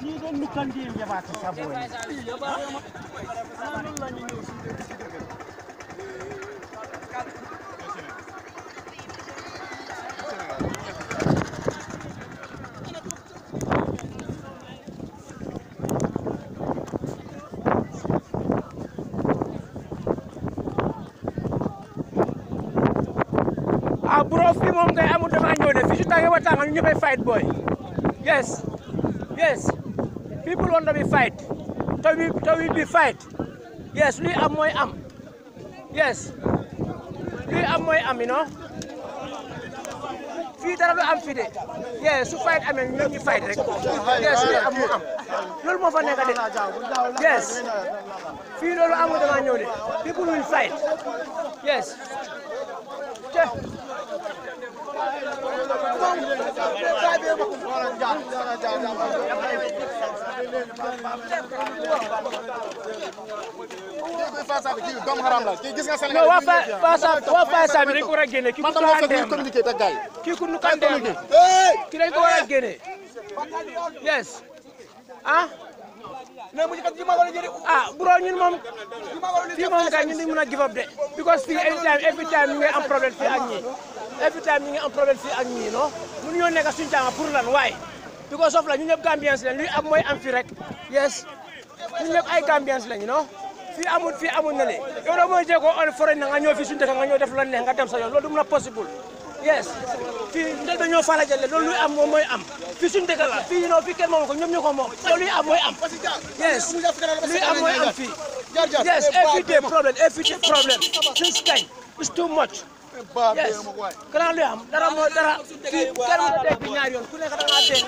ni don mu kan din ya ba ta sabo ne ya ba ya ma nan la ni no fight boy yes yes people want to be fight taw bi taw yes luy am mooy am yes luy am mooy am you know fii dara am fii de yes su fight amee ñun ñu fight rek yes luy am mu am loolu moo fa nekk de yes fii loolu amul dama ñëw de people will fight yes. waa Fassab waa Fassab dañ ko war a génne kii ku ñu ko andee am na kii dañ ko war a génne yes ah. ah bro ñun moom fii moom kay ñun dañu mën a give up de. because fii every time every time ñu ngi problème fii ak ñii. every time ñu ngi am problème fii ak ñii ñoo nekk suñu caama pour lan waaye because of la ñu ñëpp Gambians lañ luy am mooy am fi rek yes ñu ñëpp ay Gambians lañ non fii amul fii amul na le yow doo mooy jéego on foreign na nga ñëw def la neex nga dem sa yoon loolu du mun a possible yes fii ndel dañoo faala jële loolu luy am moom mooy am fii suñu dëkk la fii non fii kenn moomu ñu ko moom loolu luy am mooy am yes every day every day problem since kañ yes. Grand Liam dara moo dara fii kenn mu teg ñaar yoon ku nekk da ngaa dégg